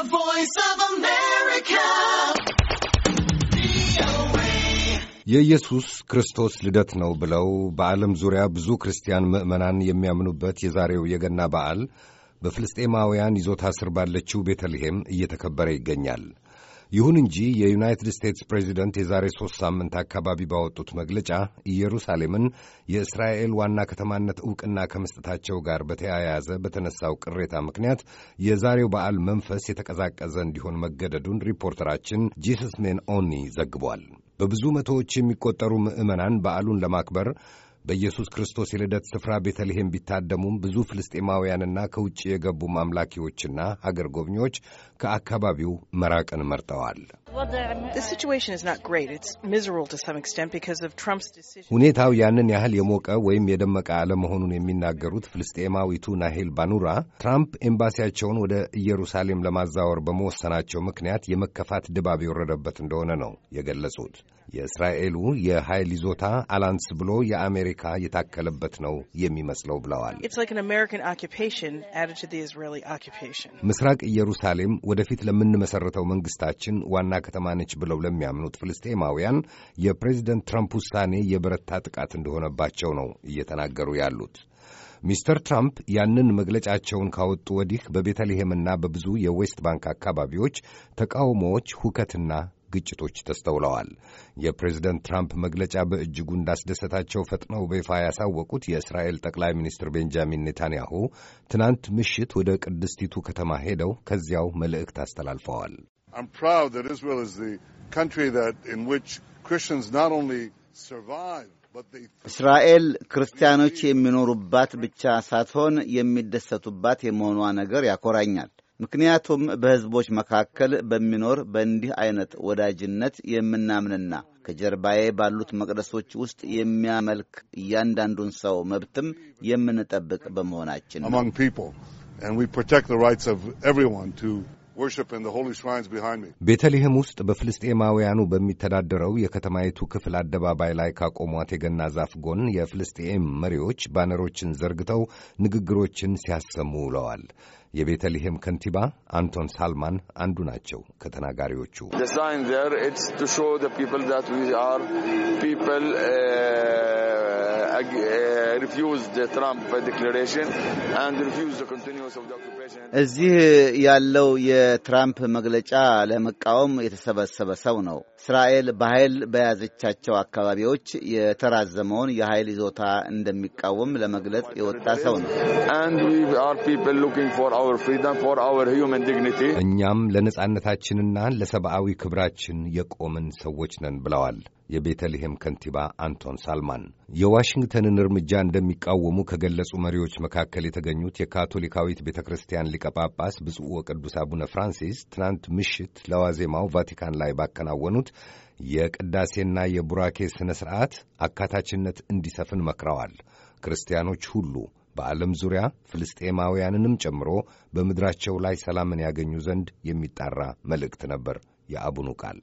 The Voice of America. የኢየሱስ ክርስቶስ ልደት ነው ብለው በዓለም ዙሪያ ብዙ ክርስቲያን ምዕመናን የሚያምኑበት የዛሬው የገና በዓል በፍልስጤማውያን ይዞታ ስር ባለችው ቤተልሔም እየተከበረ ይገኛል። ይሁን እንጂ የዩናይትድ ስቴትስ ፕሬዚደንት የዛሬ ሦስት ሳምንት አካባቢ ባወጡት መግለጫ ኢየሩሳሌምን የእስራኤል ዋና ከተማነት ዕውቅና ከመስጠታቸው ጋር በተያያዘ በተነሳው ቅሬታ ምክንያት የዛሬው በዓል መንፈስ የተቀዛቀዘ እንዲሆን መገደዱን ሪፖርተራችን ጂሰስ ሜን ኦኒ ዘግቧል። በብዙ መቶዎች የሚቆጠሩ ምዕመናን በዓሉን ለማክበር በኢየሱስ ክርስቶስ የልደት ስፍራ ቤተልሔም ቢታደሙም ብዙ ፍልስጤማውያንና ከውጭ የገቡ አምላኪዎችና አገር ጎብኚዎች ከአካባቢው መራቅን መርጠዋል። ሁኔታው ያንን ያህል የሞቀ ወይም የደመቀ አለመሆኑን የሚናገሩት ፍልስጤማዊቱ ናሄል ባኑራ ትራምፕ ኤምባሲያቸውን ወደ ኢየሩሳሌም ለማዛወር በመወሰናቸው ምክንያት የመከፋት ድባብ የወረደበት እንደሆነ ነው የገለጹት። የእስራኤሉ የኃይል ይዞታ አላንስ ብሎ የአሜሪካ አሜሪካ የታከለበት ነው የሚመስለው ብለዋል። ምስራቅ ኢየሩሳሌም ወደፊት ለምንመሠረተው መንግሥታችን ዋና ከተማ ነች ብለው ለሚያምኑት ፍልስጤማውያን የፕሬዚደንት ትራምፕ ውሳኔ የበረታ ጥቃት እንደሆነባቸው ነው እየተናገሩ ያሉት። ሚስተር ትራምፕ ያንን መግለጫቸውን ካወጡ ወዲህ በቤተልሔምና በብዙ የዌስት ባንክ አካባቢዎች ተቃውሞዎች፣ ሁከትና ግጭቶች ተስተውለዋል። የፕሬዝደንት ትራምፕ መግለጫ በእጅጉ እንዳስደሰታቸው ፈጥነው በይፋ ያሳወቁት የእስራኤል ጠቅላይ ሚኒስትር ቤንጃሚን ኔታንያሁ ትናንት ምሽት ወደ ቅድስቲቱ ከተማ ሄደው ከዚያው መልእክት አስተላልፈዋል። እስራኤል ክርስቲያኖች የሚኖሩባት ብቻ ሳትሆን የሚደሰቱባት የመሆኗ ነገር ያኮራኛል። ምክንያቱም በሕዝቦች መካከል በሚኖር በእንዲህ አይነት ወዳጅነት የምናምንና ከጀርባዬ ባሉት መቅደሶች ውስጥ የሚያመልክ እያንዳንዱን ሰው መብትም የምንጠብቅ በመሆናችን ነው። ቤተልሔም ውስጥ በፍልስጤማውያኑ በሚተዳደረው የከተማይቱ ክፍል አደባባይ ላይ ካቆሟት የገና ዛፍ ጎን የፍልስጤም መሪዎች ባነሮችን ዘርግተው ንግግሮችን ሲያሰሙ ውለዋል። የቤተልሔም ከንቲባ አንቶን ሳልማን አንዱ ናቸው ከተናጋሪዎቹ። uh, uh, እዚህ ያለው የትራምፕ መግለጫ ለመቃወም የተሰበሰበ ሰው ነው። እስራኤል በኃይል በያዘቻቸው አካባቢዎች የተራዘመውን የኃይል ይዞታ እንደሚቃወም ለመግለጽ የወጣ ሰው ነው። እኛም ለነጻነታችንና ለሰብአዊ ክብራችን የቆምን ሰዎች ነን ብለዋል የቤተልሔም ከንቲባ አንቶን ሳልማን። የዋሽንግተንን እርምጃ እንደሚቃወሙ ከገለጹ መሪዎች መካከል የተገኙት የካቶሊካዊት ቤተ ክርስቲያን ሊቀ ጳጳስ ብፁዕ ወቅዱስ አቡነ ፍራንሲስ ትናንት ምሽት ለዋዜማው ቫቲካን ላይ ባከናወኑት የቅዳሴና የቡራኬ ሥነ ሥርዓት አካታችነት እንዲሰፍን መክረዋል። ክርስቲያኖች ሁሉ በዓለም ዙሪያ ፍልስጤማውያንንም ጨምሮ በምድራቸው ላይ ሰላምን ያገኙ ዘንድ የሚጣራ መልእክት ነበር የአቡኑ ቃል።